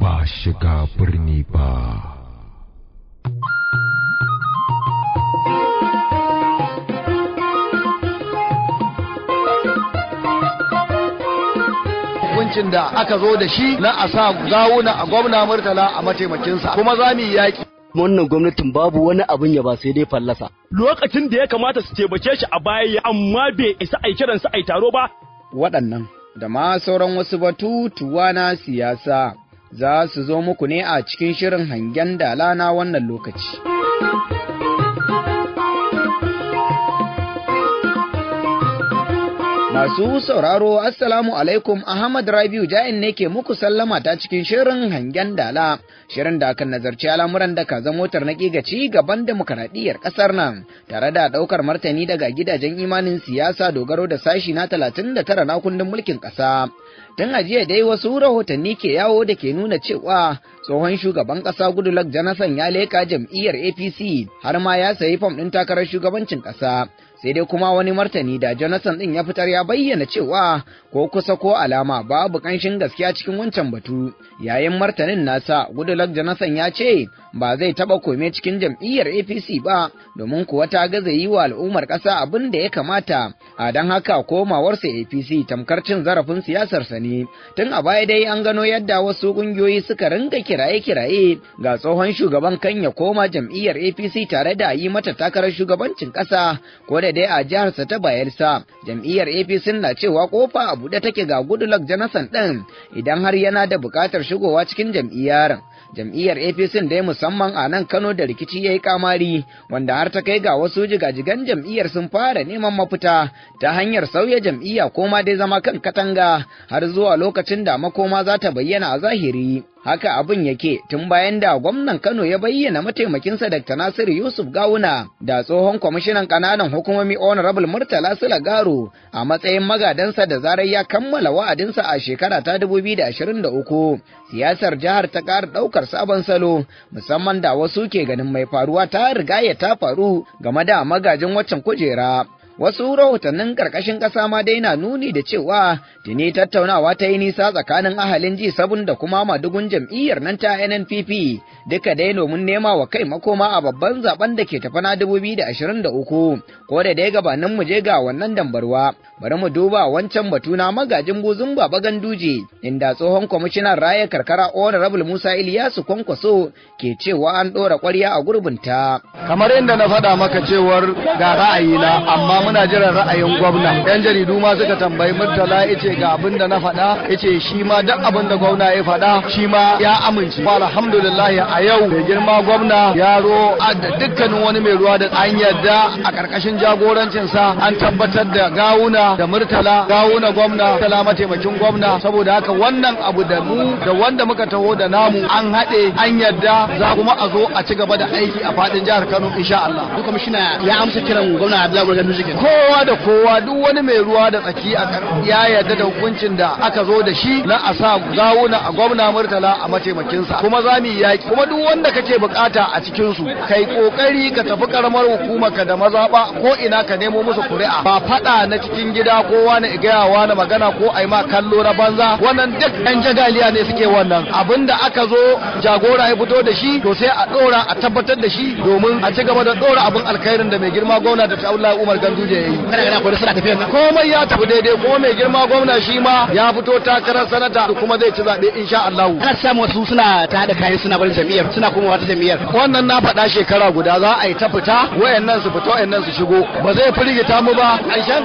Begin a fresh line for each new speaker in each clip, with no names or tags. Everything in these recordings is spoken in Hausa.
ba shiga birni ba.
hukuncin da aka zo da shi na a sa gawuna a gwamna murtala a
mataimakinsa kuma za mu
yi yaƙi. wannan gwamnatin babu wani abin ya ba sai dai fallasa.
lokacin da ya kamata su tebace shi a baya amma bai isa a kiransa a taro ba.
waɗannan da ma sauran wasu batutuwa na siyasa za su zo muku ne a cikin shirin hangen dala na wannan lokaci. Masu sauraro Assalamu alaikum Ahmad Rabiu Jain ne ke muku sallama ta cikin shirin hangen dala shirin da kan nazarci al'amuran da ka zamo motar ga ci gaban demokaradiyyar ƙasar nan tare da ɗaukar martani daga gidajen imanin siyasa dogaro da sashi na talatin da tara na kundin mulkin ƙasa. tun jiya dai wasu rahotanni ke yawo da ke nuna cewa tsohon shugaban kasa Goodluck Jonathan ya leka jam'iyyar APC har ma ya sayi fam ɗin takarar shugabancin ƙasa. sai dai kuma wani martani da Jonathan ɗin ya fitar ya bayyana cewa ko kusa ko alama babu ƙanshin gaskiya cikin wancan batu yayin martanin nasa Goodluck Jonathan ya ce ba zai taba kome cikin jam'iyyar APC ba domin kuwa ta gaza yi wa al'ummar ƙasa abin da ya kamata a don haka komawarsa APC tamkar cin zarafin siyasarsa ne tun a baya dai an gano yadda wasu ƙungiyoyi suka ringa kiraye-kiraye ga tsohon shugaban kan ya koma jam'iyyar APC tare da yi mata takarar shugabancin ƙasa ko da dai a jiharsa ta bayelsa jam'iyyar apc na cewa kofa a buɗe take ga goodluck jonathan ɗin idan har yana da buƙatar shigowa cikin jam'iyyar jam'iyyar apc dai musamman a nan kano da rikici ya yi kamari wanda har ta kai ga wasu jigajigan jam'iyyar sun fara neman mafita ta hanyar sauya jam'iyya ko ma dai zama kan katanga har zuwa lokacin da makoma za ta bayyana a zahiri haka abin yake tun bayan da gwamnan Kano ya bayyana mataimakinsa Dr. Nasiru Yusuf Gawuna da tsohon kwamishinan ƙananan hukumomi Honorable Murtala Sula a matsayin magadansa da zarar ya kammala wa'adinsa a shekara ta 2023. Siyasar jihar ta ƙara ɗaukar sabon salo musamman da wasu ke ganin mai faruwa ta riga ya ta faru game da magajin waccan kujera. Wasu rahotannin ƙarƙashin ƙasa ma dai na nuni da cewa tuni tattaunawa ta yi nisa tsakanin ahalin ji sabon da kuma madugun jam'iyyar nan ta NNPP duka dai domin nema wa kai makoma a babban zaben da ke tafi na 2023 ko da dai gabanin mu je ga wannan dambarwa bari mu duba wancan batu na magajin buzun baba ganduje inda tsohon kwamishinan raya karkara honorable Musa Iliyasu Kwankwaso ke cewa an ɗora ƙwarya a gurbinta. Kamar yadda na faɗa maka cewar ga ra'ayina amma muna jiran ra'ayin gwamna yan jaridu ma suka tambayi murtala yace ga abin
da na faɗa yace shi ma duk abin da gwamna ya faɗa shi ma ya amince Ba alhamdulillah a yau da girma gwamna ya ro da dukkanin wani mai ruwa da an yarda a karkashin jagorancin sa an tabbatar da gawuna da murtala gawuna gwamna tala mataimakin gwamna saboda haka wannan abu da mu da wanda muka taho da namu an haɗe an yarda za kuma a zo a ci gaba da aiki a faɗin jihar Kano insha Allah. Duka shi ya amsa kiran gwamna Abdullahi kowa da kowa duk wani mai ruwa da tsaki a ya yarda da hukuncin da aka zo da shi na a sa gawuna a gwamna murtala a mataimakinsa kuma za mu yaki kuma duk wanda kake bukata a cikin su kai kokari ka tafi karamar hukumar ka da mazaba ko ina ka nemo musu kuri'a ba faɗa na cikin gida ko wani igayawa na magana ko ai ma kallo na banza wannan duk yan jagaliya ne suke wannan da aka zo jagora ya fito da shi to sai a dora a tabbatar da shi domin a ci gaba da dora abin alkhairin da mai girma gwamna da ta Umar Gandu ya yi komai ya tafi daidai ko mai girma gwamna shi ma ya fito takarar sanata kuma zai ci zaɓe insha Allah ana samu wasu suna ta da kayan suna barin jami'ar suna kuma wata jami'ar wannan na faɗa shekara guda za a yi ta fita wayannan su fito wayannan su shigo ba zai firgita mu ba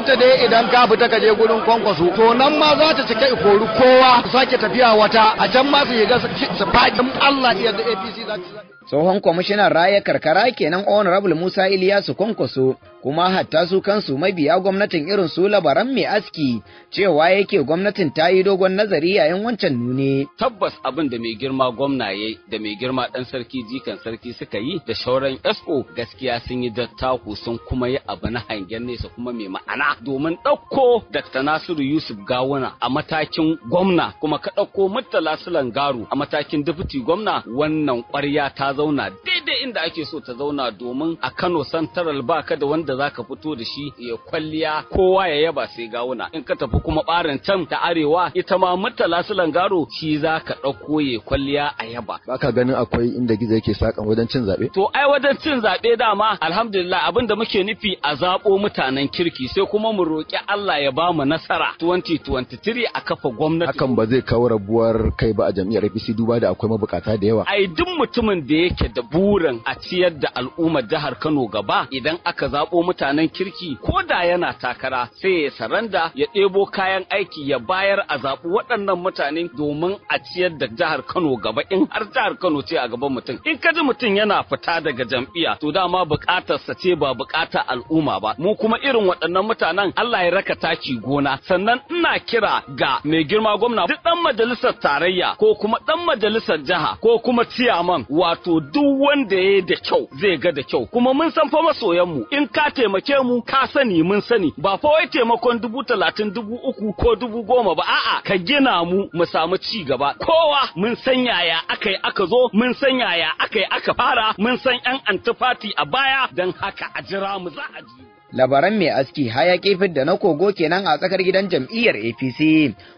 ta dai idan ka fita ka je gurin kwankwaso to nan ma za ta cika ikoru kowa su sake tafiya wata a can ma su shiga su faɗi Allah ya da APC za ta
tsohon kwamishinan raya karkara kenan honorable musa iliyasu kwankwaso kuma hatta su kansu mabiya gwamnatin irin su labaran mai aski cewa yake gwamnatin ta yi dogon nazari yayin wancan nune
tabbas abin da mai girma gwamna ya da mai girma ɗan sarki jikan sarki suka yi da shauran so gaskiya sun yi dattaku sun kuma yi abu na hangen nesa kuma mai ma'ana domin ɗauko dr nasiru yusuf gawuna a matakin gwamna kuma ka ɗauko murtala sulan garu a matakin dufuti gwamna wannan ƙwarya ta zauna daidai inda ake so ta zauna domin a Kano Santaral ba ka da wanda za ka fito da shi ya kwalliya kowa ya yaba sai gawuna in ka tafi kuma barin can ta arewa ita ma murtala su garo shi za ka ɗauko ya kwalliya a yaba. Ba
ka ganin akwai inda gizo yake sakan wajen cin zaɓe? To
ai wajen cin zaɓe dama alhamdulillah abin da muke nufi a zaɓo mutanen kirki sai kuma mu roki Allah ya ba mu nasara 2023 a kafa
gwamnati. Hakan ba zai kawo rabuwar kai ba a jam'iyyar APC duba da akwai mabukata da yawa.
Ai duk mutumin da ya yake da burin a ciyar da al'ummar jihar Kano gaba idan aka zaɓo mutanen kirki ko da yana takara sai ya saranda ya ɗebo kayan aiki ya bayar a zaɓi waɗannan mutane domin a ciyar da jihar Kano gaba in har jihar Kano ce a gaban mutum. In ka ji mutum yana fita daga jam'iyya to dama sa ce ba buƙatar al'umma ba. Mu kuma irin waɗannan mutanen Allah ya raka taki gona sannan ina kira ga mai girma gwamna duk ɗan majalisar tarayya ko kuma ɗan majalisar jiha ko kuma ciyaman wato to duk wanda ya da kyau zai ga da kyau kuma mun san fa masoyan mu in ka taimake mu ka sani mun sani ba fa wai taimakon dubu talatin dubu uku ko dubu goma ba a'a ka gina mu mu samu ci gaba kowa mun san yaya aka yi aka zo mun san yaya aka yi aka fara mun san yan antifati a baya don haka a jira mu za a ji
labaran mai aski hayaƙi fidda na kogo kenan a tsakar gidan jam'iyyar apc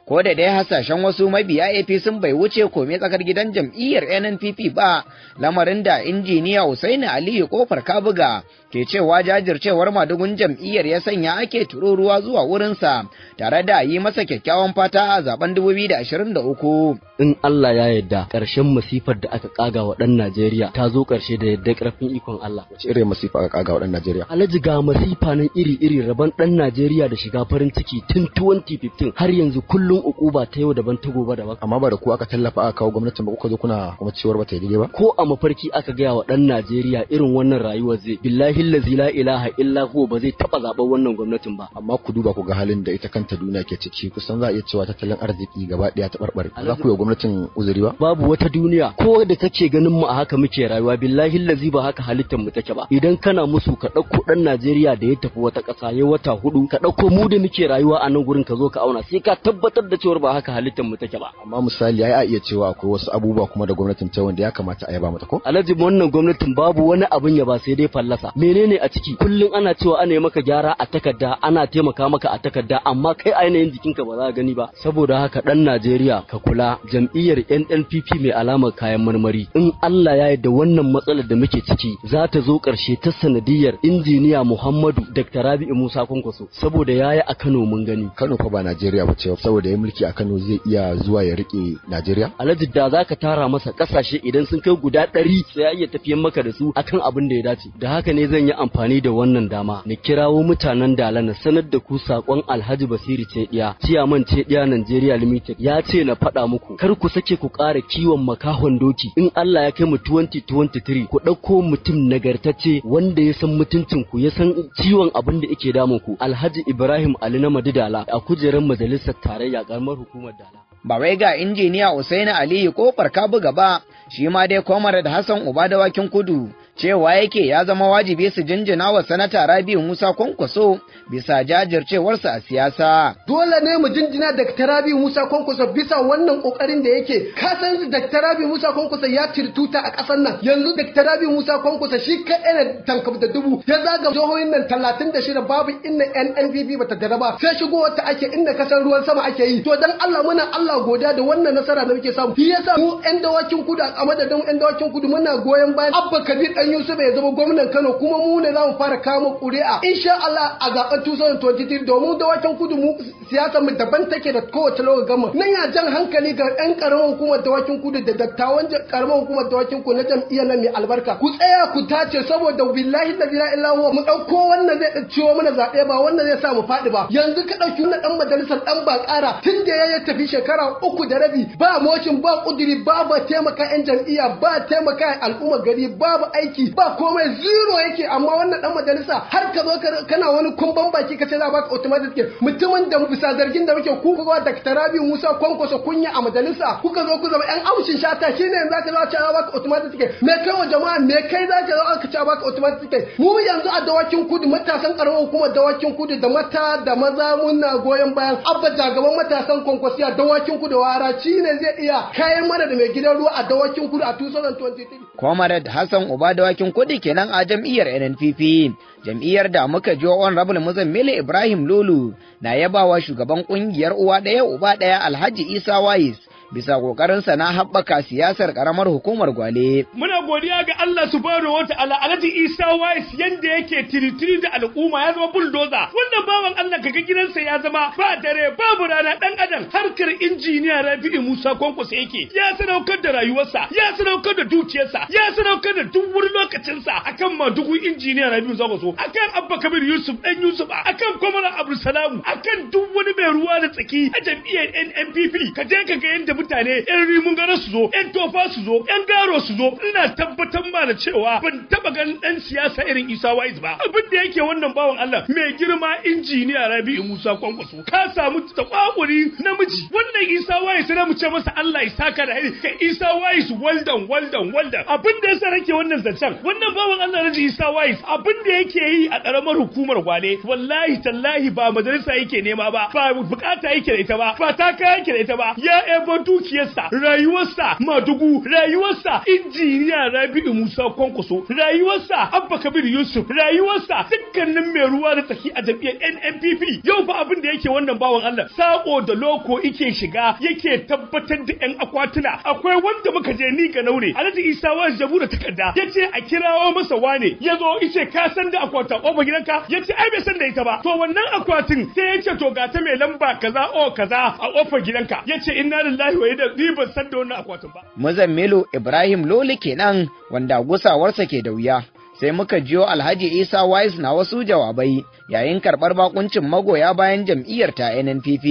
ko da dai hasashen wasu mabiya apc bai wuce komai tsakar gidan jam'iyyar nnpp ba lamarin da injiniya Hussaini aliyu kofar kabuga ke cewa jajircewar madugun jam'iyyar ya sanya ake tururuwa zuwa wurinsa tare da yi masa kyakkyawan fata a zaben 2023
in Allah ya yarda ƙarshen masifar da aka kaga wa ɗan Najeriya ta zo ƙarshe da yadda ƙarfin ikon Allah wace irin masifa aka kaga wa ɗan Najeriya alhaji ga masifa kamfanin iri-iri rabon ɗan Najeriya da shiga farin ciki tun 2015 har yanzu kullum ukuba ta yau daban ta gobe daban. Amma ba da ku aka tallafa aka kawo gwamnatin ba kuka zo kuna kuma cewar ba ta yi ba. Ko a mafarki aka gaya wa ɗan Najeriya irin wannan rayuwar zai billahi lazi la ilaha illa hu ba zai taɓa zaɓen wannan gwamnatin ba.
Amma ku duba ku ga halin da ita kanta duniya ke ciki kusan za a iya cewa tattalin arziki gaba ɗaya ta barbare. Za ku yi gwamnatin uzuri ba?
Babu wata duniya ko da kake ganin mu a haka muke rayuwa billahi lazi ba haka halittar mu take ba. Idan kana musu ka ɗauko ɗan Najeriya da ya tafi wata ƙasa ya wata hudu ka ɗauko mu da muke rayuwa a nan gurin ka zo ka auna sai ka tabbatar da cewar ba haka halittar mu take ba
amma misali ai a iya cewa akwai wasu abubuwa kuma da gwamnatin ta wanda ya kamata a yaba
mata ko alhaji wannan gwamnatin babu wani abin ya ba sai dai fallasa menene a ciki kullum ana cewa ana yi maka gyara a takarda ana taimaka maka a takarda amma kai ainihin jikinka ba za ka gani ba saboda haka dan Najeriya ka kula jam'iyyar NNPP mai alamar kayan marmari in Allah ya yarda wannan matsalar da muke ciki za ta zo ƙarshe ta sanadiyar injiniya Muhammadu Dr. Rabi'u Musa Kwankwaso saboda ya yi
a Kano mun gani. Kano fa ba Najeriya ba ce saboda ya mulki a Kano zai iya zuwa ya rike Najeriya.
Alhaji da ka tara masa kasashe idan sun kai guda ɗari sai ya iya tafiyan maka da su akan abin da ya dace. Da haka ne zan yi amfani da wannan dama na kirawo mutanen Dala na sanar da ku sakon Alhaji Basiri Cediya, Ciyaman Cediya Najeriya Limited ya ce na faɗa muku kar ku sake ku ƙara kiwon makahon doki in Allah ya kai mu 2023 ku ɗauko mutum nagartacce wanda ya san mutuncin ku ya san ci ciwon abin da yake damun ku Alhaji Ibrahim Ali na Madidala a kujerar majalisar tarayya karamar hukumar Dala.
Ba wai ga injiniya Usaini Aliyu kofar kabu ba shi ma dai komar da Hassan Uba dawakin kudu cewa yake ya zama wajibi su jinjina wa sanata Rabi'u Musa Kwankwaso bisa jajircewarsa a siyasa.
Dole ne mu jinjina Dr. Rabi'u Musa Kwankwaso bisa wannan kokarin da yake. Ka san Dr. Rabi'u Musa Kwankwaso ya tirtuta a ƙasar nan. Yanzu Dr. Rabi'u Musa Kwankwaso shi ka ina tankab da dubu ya zaga jihohin nan talatin da shida babu inda NNPP bata dara ba sai shigo wata ake inda kasan ruwan sama ake yi. To dan Allah muna Allah godiya da wannan nasara da muke samu. Shi yasa mu 'yan dawakin kudu a madadin 'yan dawakin kudu muna goyon bayan Abba Kabir dan Yusuf ya zama gwamnan Kano kuma mu ne za mu fara kama ƙuri'a insha Allah a zaben 2023 domin da wacan kudu mu siyasa mu daban take da kowace lokacin gama nan ya jan hankali ga yan karamin hukumar dawakin kudu da dattawan karamin hukumar dawakin kudu na jam'iyyar nan mai albarka ku tsaya ku tace saboda billahi da la ilaha mu ɗauko wannan zai ciwo mana zaɓe ba wannan zai sa mu faɗi ba yanzu ka ɗauki na ɗan majalisar ba bakara tun da ya tafi shekara uku da rabi ba mocin ba kuduri ba ba taimaka yan jam'iyya ba taimaka al'umma gari babu aiki ba komai zero yake amma wannan dan majalisa har ka zo kana wani kumban baki kace ce za baka automatic ke mutumin da bisa zargin da muke ku ga Dr. Rabi Musa kwankwaso kunya a majalisa kuka zo ku zama yan amshin shata shine yanzu ka zo a ce za baka automatic ke me kai wa jama'a me kai za ka zo aka ce baka automatic ke mu yanzu a dawakin kudu matasan karamar hukumar dawakin kudu da mata da maza muna goyon bayan abba jagaban matasan kwankwasiya dawakin kudu wara shine zai iya kayan mara da mai gidan ruwa a dawakin kudu a 2023
Comrade Hassan Obada dawakin kudi kenan a jam'iyyar NNPP. Jam'iyyar da muka ji wa rabul Muzammil Ibrahim Lulu na yabawa shugaban kungiyar uwa ɗaya uba ɗaya Alhaji Isa Wais bisa ƙoƙarinsa na haɓaka siyasar ƙaramar hukumar Gwale.
Muna godiya ga Allah subhanahu wa ta'ala Alhaji Isa Wais yanda yake tiritiri da al'umma ya zama buldoza. Wannan bawan Allah kaga gidansa ya zama ba dare babu rana ɗan adam harkar injiniya Rabi'u Musa kwankwasa yake. Ya sadaukar da rayuwarsa, ya sadaukar da dukiyarsa, ya sadaukar da duk wani lokacinsa akan madugu injiniya Rabi'u Kwankwaso, akan Abba Kabir Yusuf ɗan Yusuf, akan Kwamar abdulsalam akan duk wani mai ruwa da tsaki a jam'iyyar NNPP. Ka je ka ga yanda mutane yan rimun gana su zo yan tofa su zo yan garo su zo ina tabbatar ma da cewa ban taba ganin ɗan siyasa irin Isa Wais ba abin da yake wannan bawan Allah mai girma injiniya Rabi'u Musa Kwankwaso ka samu takwakuri namiji wannan Isa Wais sai mu ce masa Allah ya saka da hari ka Isa Wais waldan waldan waldan abin da yasa nake wannan zancen wannan bawan Allah na Isa Wais abin da yake yi a ƙaramar hukumar Gwale wallahi tallahi ba majalisa yake nema ba ba bukata yake da ita ba ba ta yake da ita ba ya ebo dukiyarsa rayuwarsa madugu rayuwarsa injiniya rabi'u musa kwankwaso rayuwarsa abba kabir yusuf rayuwarsa dukkanin mai ruwa da tsaki a jam'iyyar nnpp yau fa abin da yake wannan bawan allah sako da loko ike shiga yake tabbatar da yan akwatuna akwai wanda muka je ni ga naure alhaji isa wa jabu da takarda ya ce a kirawo masa wane ya zo ice ka san da akwata ofa gidanka ya ce ai bai san da ita ba to wannan akwatin sai ya ce to ga ta mai lamba kaza o kaza a ƙofar gidanka ya ce inna lillahi wai da ni ban san da wannan akwatin ba.
Mazan Melo Ibrahim Loli kenan wanda gusawarsa ke da wuya. Sai muka jiyo Alhaji Isa Wise na wasu jawabai yayin karɓar bakuncin magoya bayan jam'iyyar ta NNPP.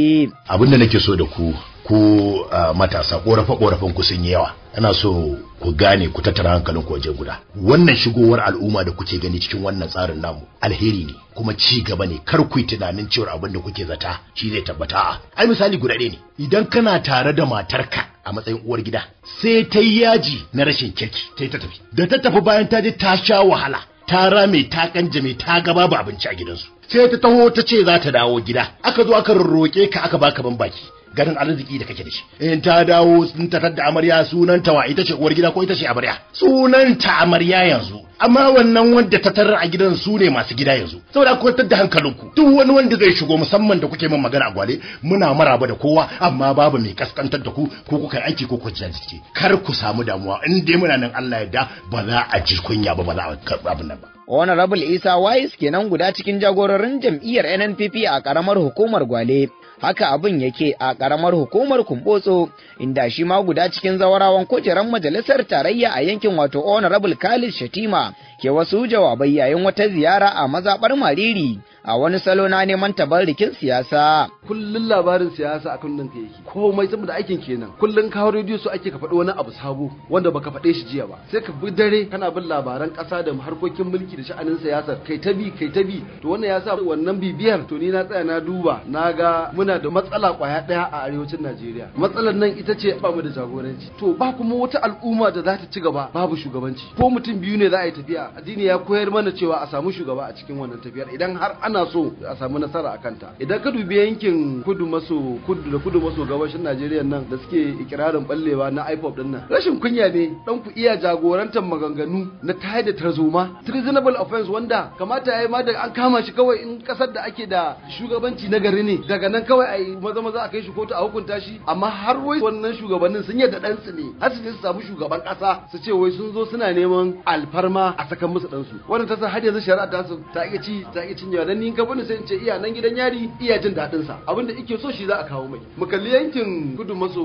Abin da nake so da ku, ku ah, matasa ƙorafe-ƙorafen ku sun yi yawa. ina so ku gane ku tattara hankalin ku waje guda wannan shigowar al'umma da kuke gani cikin wannan tsarin namu alheri ne kuma ci gaba ne kar ku yi tunanin cewa abin da kuke zata shi zai tabbata ai misali guda ɗaya ne idan kana tare da matarka a matsayin uwar gida sai ta yi yaji na rashin kirki ta yi ta tafi da ta tafi bayan ta je ta sha wahala ta rame ta kanjame ta gaba ba abinci a gidansu sai ta taho ta ce za ta dawo gida aka zo aka rorroke ka aka baka ban baki garin arziki da kake da shi in ta dawo sun tatar da amarya sunanta wa ita ce uwar gida ko ita ce amarya sunan ta amarya yanzu amma wannan wanda ta tarar a gidan su ne masu gida yanzu saboda ku da hankalinku duk wani wanda zai shigo musamman da kuke min magana a gwale muna maraba da kowa amma babu mai kaskantar da ku ko kuka aiki ko ku jiki kar ku samu damuwa in dai muna nan Allah ya da ba za a ji kunya ba ba za a karɓi abin nan ba
Honorable Isa Wais kenan guda cikin jagororin jam'iyyar NNPP a karamar hukumar Gwale haka abin yake a karamar hukumar kumbotso inda shi ma guda cikin zawarawan kujerar majalisar tarayya a yankin wato honorable khalid shatima ke wasu jawabai yayin wata ziyara a mazaɓar mariri a wani salo na neman tabarikin siyasa. Kullum labarin
siyasa akan nan ka yake. Komai saboda aikin kenan. Kullum kawo rediyo su ake ka faɗi wani abu sabo wanda baka faɗe shi jiya ba. Sai ka bi dare kana bin labaran ƙasa da harkokin mulki da sha'anin siyasa kai ta bi kai ta bi. To wannan ya wannan bibiyar to ni na tsaya na duba na ga muna da matsala kwaya ɗaya a arewacin Najeriya. Matsalar nan ita ce ba mu da jagoranci. To ba kuma wata al'umma da za ta ci gaba babu shugabanci. Ko mutum biyu ne za a yi tafiya. Addini ya koyar mana cewa a samu shugaba a cikin wannan tafiyar idan har ana suna so a samu nasara a kanta idan ka dubi yankin kudu maso kudu da kudu maso gabashin Najeriya nan da suke ikirarin ballewa na IPOP din nan rashin kunya ne dan ku iya jagorantar maganganu na tayar da tarzoma treasonable offense wanda kamata yayi ma da an kama shi kawai in kasar da ake da shugabanci na gari ne daga nan kawai ai maza maza a kai shi kotu a hukunta shi amma har wai wannan shugabannin sun yadda dan su ne har su samu shugaban kasa su ce wai sun zo suna neman alfarma a sakan musu dan su wannan ta san har yanzu shari'a ta ta iya ci ta iya cinye dan ni in ka bani sai in ce iya nan gidan yari iya jin daɗin sa abinda ike so shi za a kawo mai mu kalli yankin kudu maso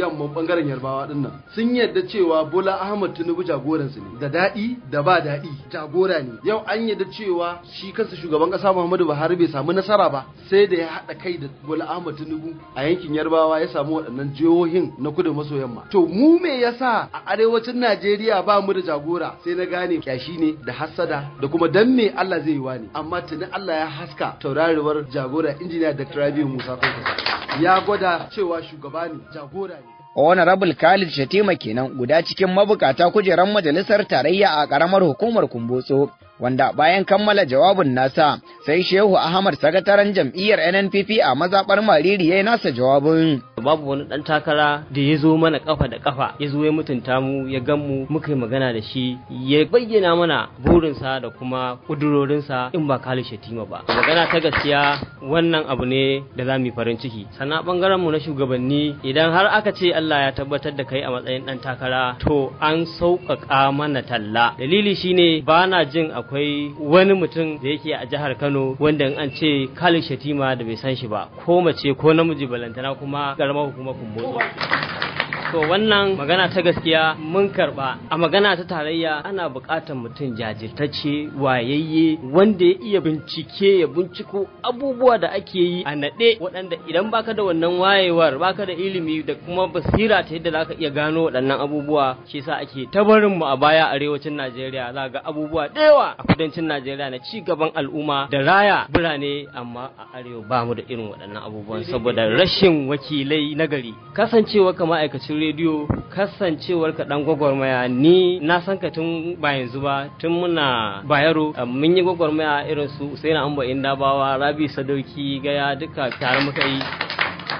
yamma bangaren yarbawa din nan sun yadda cewa Bola Ahmad Tinubu jagoran su ne da daɗi da ba daɗi jagora ne yau an yadda cewa shi kansa shugaban ƙasa Muhammadu Buhari bai samu nasara ba sai da ya haɗa kai da Bola Ahmad Tinubu a yankin yarbawa ya samu waɗannan jihohin na kudu maso yamma to mu me yasa a arewacin Najeriya ba mu da jagora sai na gane kyashi ne da hassada da kuma dan me Allah zai yi wani amma tuni Allah ya haska taurarwar jagora injiniya da Rabiu Musa Kwankwaso ya gwada cewa shugaba ne jagora ne
Honorable Khalid Shatima kenan guda cikin mabukata kujerar majalisar tarayya a ƙaramar hukumar Kumbotso wanda bayan kammala jawabin nasa sai shehu ahmad sakataren jam'iyyar nnpp a mazaɓar mariri ya yi nasa jawabin
babu wani ɗan takara da ya zo mana kafa da kafa ya zo ya mutunta mu ya gan mu muka yi magana da shi ya bayyana mana burinsa da kuma kudurorinsa in ba kali shatima ba magana ta gaskiya wannan abu ne da za mu yi farin ciki Sana bangaren mu na shugabanni idan har aka ce Allah ya tabbatar da kai a matsayin ɗan takara to an sauƙaƙa mana talla dalili shine ba na jin a akwai wani mutum da yake a jihar Kano wanda an ce Khalid Shatima da bai san shi ba ko mace ko namiji balantana kuma karamar hukumar Kumbotso to wannan magana ta gaskiya mun karba a magana ta tarayya ana buƙatar mutum jajirtacce wayayye wanda ya iya bincike ya binciko abubuwa da ake yi a naɗe waɗanda idan baka da wannan wayewar baka da ilimi da kuma basira ta yadda zaka iya gano waɗannan abubuwa shi yasa ake tabarin mu a baya arewacin Najeriya za ga abubuwa da yawa a kudancin Najeriya na ci gaban al'umma da raya birane amma a arewa ba mu da irin waɗannan abubuwa saboda rashin wakilai nagari kasancewa ka ma'aikacin gidajen rediyo kasancewar ka dan gwagwarmaya ni na san ka tun ba yanzu ba tun muna bayaro eh, mun yi gwagwarmaya irin su Usaina Amba bawa Rabi Sadauki Gaya duka tare muka yi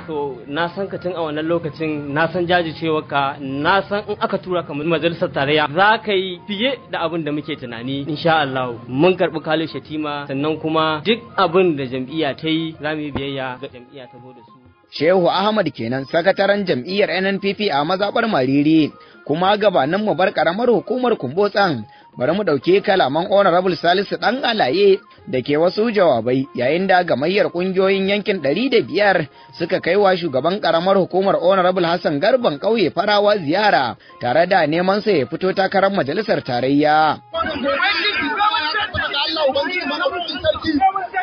to na san ka tun a wannan lokacin na san jajircewar ka na san in aka tura ka majalisar tarayya za ka yi fiye da abin da muke tunani insha Allah mun karbi kalin shatima sannan kuma duk abin da jam'iyya ta yi za mu yi biyayya ga jam'iyya ta bodo su
Shehu Ahmad kenan sakataren jam'iyyar NNPP a mazaɓar Mariri kuma gabanin mu bar ƙaramar hukumar Kumbotsan bari mu ɗauki kalaman Honorable Salisu ɗan alaye da ke wasu jawabai yayin da gamayyar ƙungiyoyin yankin ɗari da biyar suka kai wa shugaban ƙaramar hukumar Honorable Hassan Garban ƙauye farawa ziyara tare da neman sa ya fito takarar majalisar tarayya.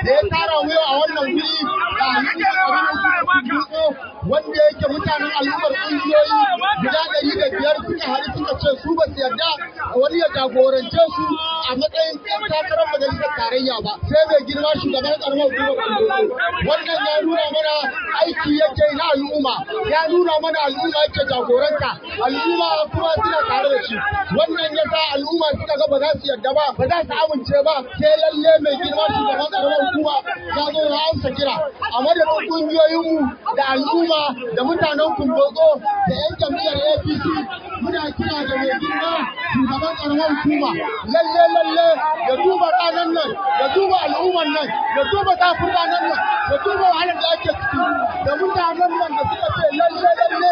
da ya tara mu a wannan wuri da hanyar kabilan kudu wanda yake mutanen al'ummar kungiyoyi guda ɗari da biyar suka hari suka ce su ba su yarda wani ya jagorance su a matsayin takarar majalisar tarayya ba sai mai girma shugaban karamar hukumar wannan ya nuna mana aiki yake na al'umma ya nuna mana al'umma yake jagoranta al'umma kuma suna tare da shi wannan ya sa al'umma suka ga ba za su yarda ba ba za su amince ba sai lalle mai girma shugaban karamar Kuma ya zo ya amsa kira a madadin kungiyoyinmu da al'umma da mutanen kumbotso da 'yan jam'iyyar apc muna kira da mai girma shugaban karamar hukuma lalle lalle ya duba ranar nan ya duba al'ummar nan ya duba zafin ranar nan ya duba wahalar da ake ciki da mutanen nan da suka ce lalle lalle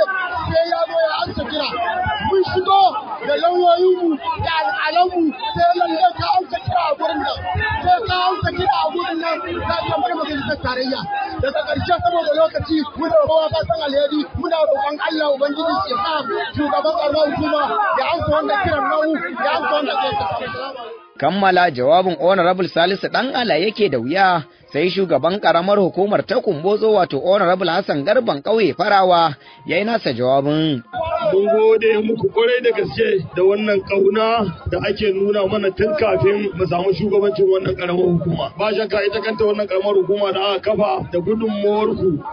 sai ya zo ya amsa kira mun shigo da lauyoyinmu da al'alanmu sai lalle ka amsa a gurin tarayya daga ƙarshe saboda lokaci muna ka
kammala jawabin honorable salisu ɗan ala yake da wuya sai shugaban ƙaramar hukumar ta kumbozo wato honorable hassan garban ƙauye farawa ya yi nasa jawabin
mun gode muku kwarai da gaske da wannan kauna da ake nuna mana tun kafin mu samu shugabancin wannan karamar hukuma ba shakka ita kanta wannan karamar hukuma da aka kafa da ku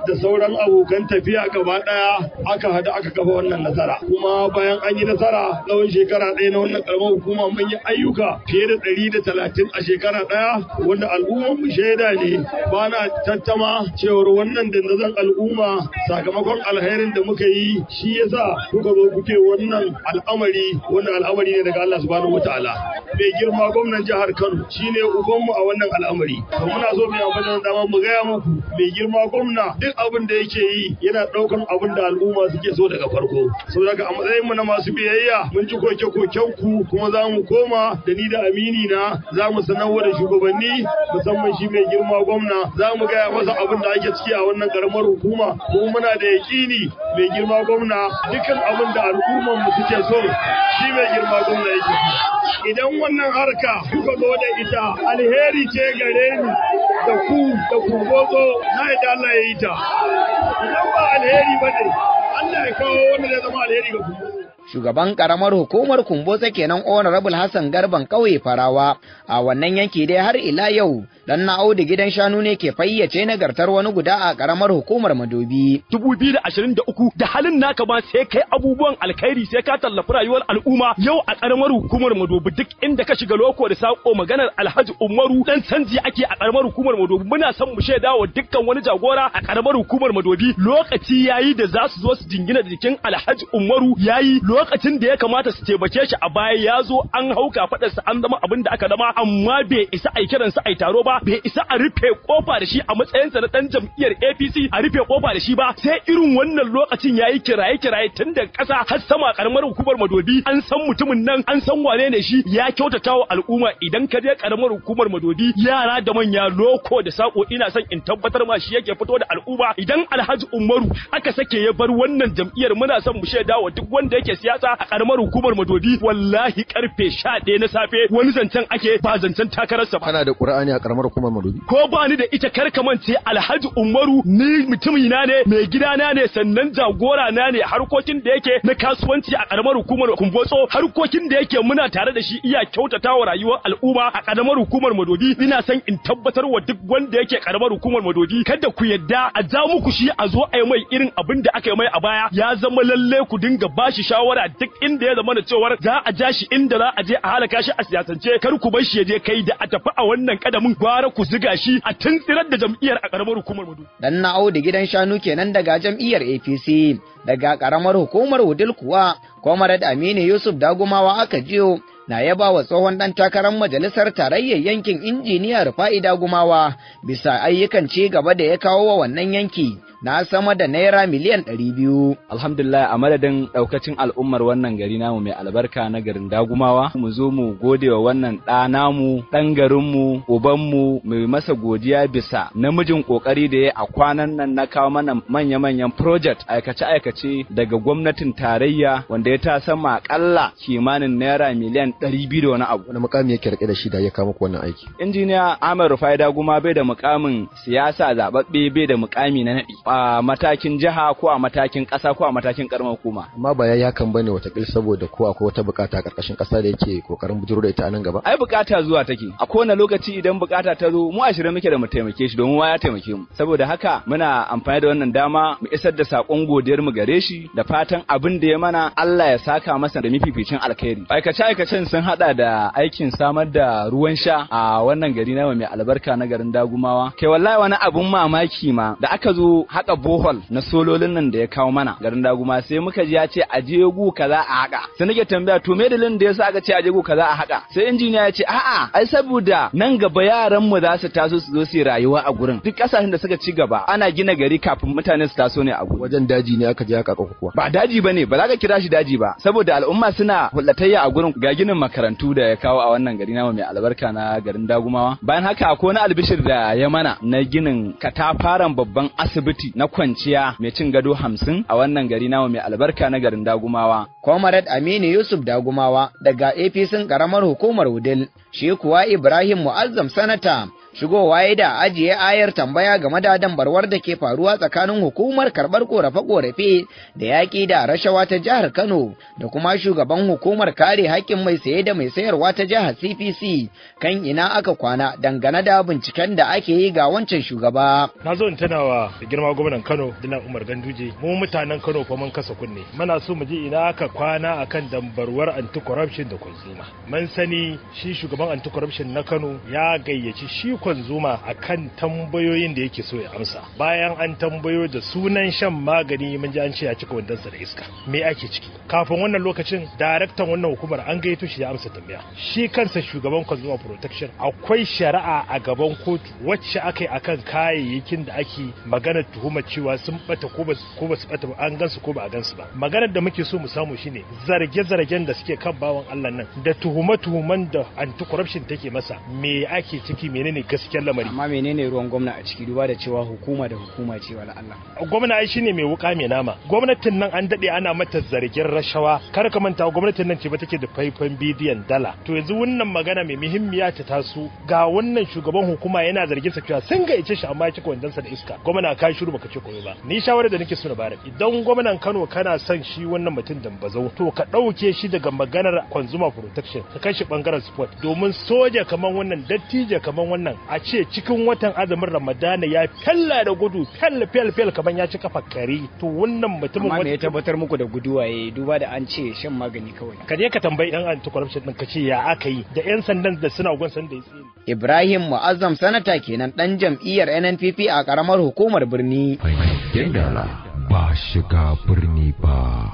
da sauran abokan tafiya gaba daya aka hada aka kafa wannan nasara kuma bayan an yi nasara tsawon shekara ɗaya na wannan karamar hukuma mun yi ayyuka fiye da ɗari da talatin a shekara ɗaya wanda al'umma mu shaida ne ba na tattama cewar wannan dandazon al'umma sakamakon alherin da muka yi shi yasa kuka zo kuke wannan al'amari wannan al'amari ne daga Allah subhanahu wataala mai girma gwamnan jihar Kano shine ubanmu a wannan al'amari to muna so mai amfani da dama mu gaya muku mai girma gwamna duk abin da yake yi yana daukan abin da al'umma suke so daga farko saboda a matsayin mu na masu biyayya mun ji koke koken ku kuma za mu koma da ni da amini na za mu sanarwa da shugabanni musamman shi mai girma gwamna za mu gaya masa abin da ake ciki a wannan karamar hukuma kuma muna da yaƙini mai girma gwamna dukkan abin da al'ummar mu suke so shi mai girma gwamna yake idan wannan harka kuka zo da ita alheri ce gare ni da ku da ku gozo na yadda Allah ya yi ta idan ba alheri ba ne Allah ya kawo wanda zai zama alheri ga ku
shugaban karamar hukumar nan kenan honorable hassan garban kauye farawa a wannan yanki dai har ila yau dan na audu gidan shanu ne ke fayyace nagartar wani guda a karamar hukumar madobi 2023
da halin naka ma sai kai abubuwan alkhairi sai ka tallafi rayuwar al'umma yau a karamar hukumar madobi duk inda ka shiga loko da sako maganar alhaji umaru dan canji ake a karamar hukumar madobi muna son mu shaida wa dukkan wani jagora a karamar hukumar madobi lokaci yayi da za su zo su jingina jikin alhaji umaru yayi lokacin da ya kamata su taimake shi a baya ya zo an hauka faɗarsa an zama abin da aka zama amma bai isa a kiran sa a taro ba bai isa a rufe kofa da shi a matsayinsa na dan jam'iyyar APC a rufe kofa da shi ba sai irin wannan lokacin yayi kiraye kiraye tun da kasa har sama karamar hukumar Madobi an san mutumin nan an san wane ne shi ya kyautata wa al'umma idan ka je karamar hukumar Madobi yara da manya loko da sako ina son in tabbatar ma shi yake fito da al'umma idan Alhaji Umaru aka sake ya bar wannan jam'iyyar muna son mu shaida wa duk wanda yake siyasa a karamar hukumar Madobi wallahi karfe sha 11 na safe wani zancen ake ba zancen takararsa ba kana da
Qur'ani a karamar hukumar Madobi
ko ba ni da ita karkamance Alhaji Umaru ni mutumina ne mai gidana ne sannan jagora na ne harkokin da yake na kasuwanci a karamar hukumar Kumbotso harkokin da yake muna tare da shi iya kyautatawa rayuwar al'umma a karamar hukumar Madobi ina son in tabbatar wa duk wanda yake karamar hukumar Madobi kada ku yadda a za muku shi a zo a yi mai irin abin da aka yi mai a baya ya zama lalle ku dinga bashi shawara da duk inda ya zama da cewar za a ja shi inda za a je a halaka shi a siyasance kar ku bar shi ya je kai da a tafi a wannan kadamin gwara ku ziga shi a tuntsirar da jam'iyyar a karamar hukumar mudu.
Dan na'au da gidan shanu kenan daga jam'iyyar APC daga karamar hukumar Wudil kuwa Comrade Aminu Yusuf Dagumawa aka jiyo na yaba wa tsohon ɗan takarar majalisar tarayyar yankin injiniyar fa'ida Dagumawa bisa ayyukan ci gaba da ya kawo wa wannan yanki na sama da naira miliyan ɗari biyu.
Alhamdulillah a madadin ɗaukacin al'ummar wannan gari namu mai albarka na garin Dagumawa mu zo mu gode wa wannan ɗa namu ɗan garinmu ubanmu mai masa godiya bisa namijin ƙoƙari da ya a kwanan nan na kawo mana manya-manyan project aikace-aikace daga gwamnatin tarayya wanda ya ta sama akalla kimanin naira miliyan ɗari biyu da wani abu. Wani mukami yake rike da shi da ya kama wannan aiki. Injiniya Ahmed Rufai bai da mukamin siyasa zaɓaɓɓe bai da mukami na naɗi. a matakin jiha ko a matakin ƙasa ko a matakin ƙaramar hukuma.
Amma ba yayi kan bane watakil saboda ko akwai wata bukata ƙarƙashin ƙasa da yake kokarin bujiro da ita nan gaba.
Ai bukata zuwa take. A kowane lokaci idan bukata ta zo mu ashirin muke da mu taimake shi domin wa ya taimake mu. Saboda haka muna amfani da wannan dama mu isar da sakon godiyar mu gare shi da fatan abin da ya mana Allah ya saka masa da mafificin alkhairi. Aikace aikacen sun hada da aikin samar da ruwan sha a wannan gari na mai albarka na garin Dagumawa. Kai wallahi wani abun mamaki ma da aka zo haƙa bohol na sololin nan da ya kawo mana garin daguma sai muka ji ya ce a je gu kaza a haƙa sai nake tambaya to me dalilin da yasa aka ce a je gu kaza a haƙa sai injiniya ya ce a'a ai saboda nan gaba yaran mu za su taso su zo su rayuwa a gurin duk kasashen da suka ci gaba ana gina gari kafin mutane su taso ne a gurin wajen daji ne aka je aka haƙa kuwa ba daji bane ba za ka kira shi daji ba saboda al'umma suna hulɗatayya a gurin ga ginin makarantu da ya kawo a wannan gari namu mai albarka na garin dagumawa bayan haka akwai wani albishir da ya mana na ginin katafaren babban asibiti na kwanciya mai cin gado hamsin a wannan gari
nawa mai albarka na garin Dagumawa. komarad Aminu Yusuf Dagumawa daga APC karamar hukumar Wudil, shi kuwa Ibrahim Mu'azzam Sanata shigowa ya da ajiye ayar tambaya game da dambarwar da ke faruwa tsakanin hukumar karbar korafe-korafe da yaƙi da rashawa ta jihar Kano da kuma shugaban hukumar kare haƙƙin mai saye da mai sayarwa ta jihar CPC kan ina aka kwana dangane da binciken da ake yi ga wancan shugaba. Na zo in tana wa girma gwamnan Kano Dina Umar Ganduje mu mutanen Kano fa
mun kasa kunne muna so mu je ina aka kwana akan dambarwar anti corruption da consumer. Mun sani shi shugaban anti corruption na Kano ya gayyaci shi a akan tambayoyin da yake so ya amsa bayan an tambayo da sunan shan magani mun ji an ce ya cika wandansa da iska me ake ciki kafin wannan lokacin daraktan wannan hukumar an gaito shi ya amsa tambaya shi kansa shugaban Zuma protection akwai shari'a a gaban kotu wacce aka yi akan kayayyakin da ake maganar tuhumar cewa sun bata ko ba su bata ba an gansu ko ba a gansu ba maganar da muke so mu samu shine zarge-zargen da suke kan bawan Allah nan da tuhume-tuhumen da anti-corruption take masa me ake ciki menene gaskiya gaskiyar lamari amma menene ruwan
gwamna a ciki duba da cewa hukuma da hukuma ce wala Allah
gwamna ai shine mai wuka mai nama gwamnatin nan an dade ana mata zargin rashawa kar ka manta gwamnatin nan ce ba take da faifan bidiyan dala to yanzu wannan magana mai muhimmiya ta taso ga wannan shugaban hukuma yana zargin sa cewa sun gaice shi amma ya cika wandansa da iska gwamna ka shiru baka ce koyo ba ni shawara da nake so na bara idan gwamnan Kano kana son shi wannan mutum dan bazau to ka dauke shi daga maganar consumer protection ka kai shi bangaren sport domin soja kaman wannan dattijo kaman wannan a ce cikin watan azumin ramadana ya fella da gudu fel fel fel kamar ya ci kafa kari. to wannan mutumin ya tabbatar
muku da guduwa ya duba da an ce shan magani kawai ka je ka tambayi dan anti corruption din ka ce ya aka yi da yan sandan da suna gwan da Ibrahim Mu'azzam sanata kenan dan jam'iyyar NNPP a karamar hukumar birni
ba shiga birni ba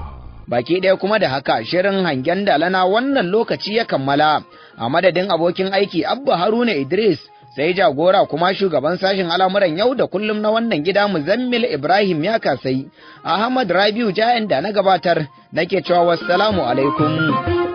baki ɗaya kuma da haka shirin hangen dalana wannan lokaci ya kammala a madadin abokin aiki abba haruna idris sai jagora kuma shugaban sashen al'amuran yau da kullum na wannan gida muzammil ibrahim ya kasai ahmad rabiu jayan da na gabatar nake cewa wassalamu alaikum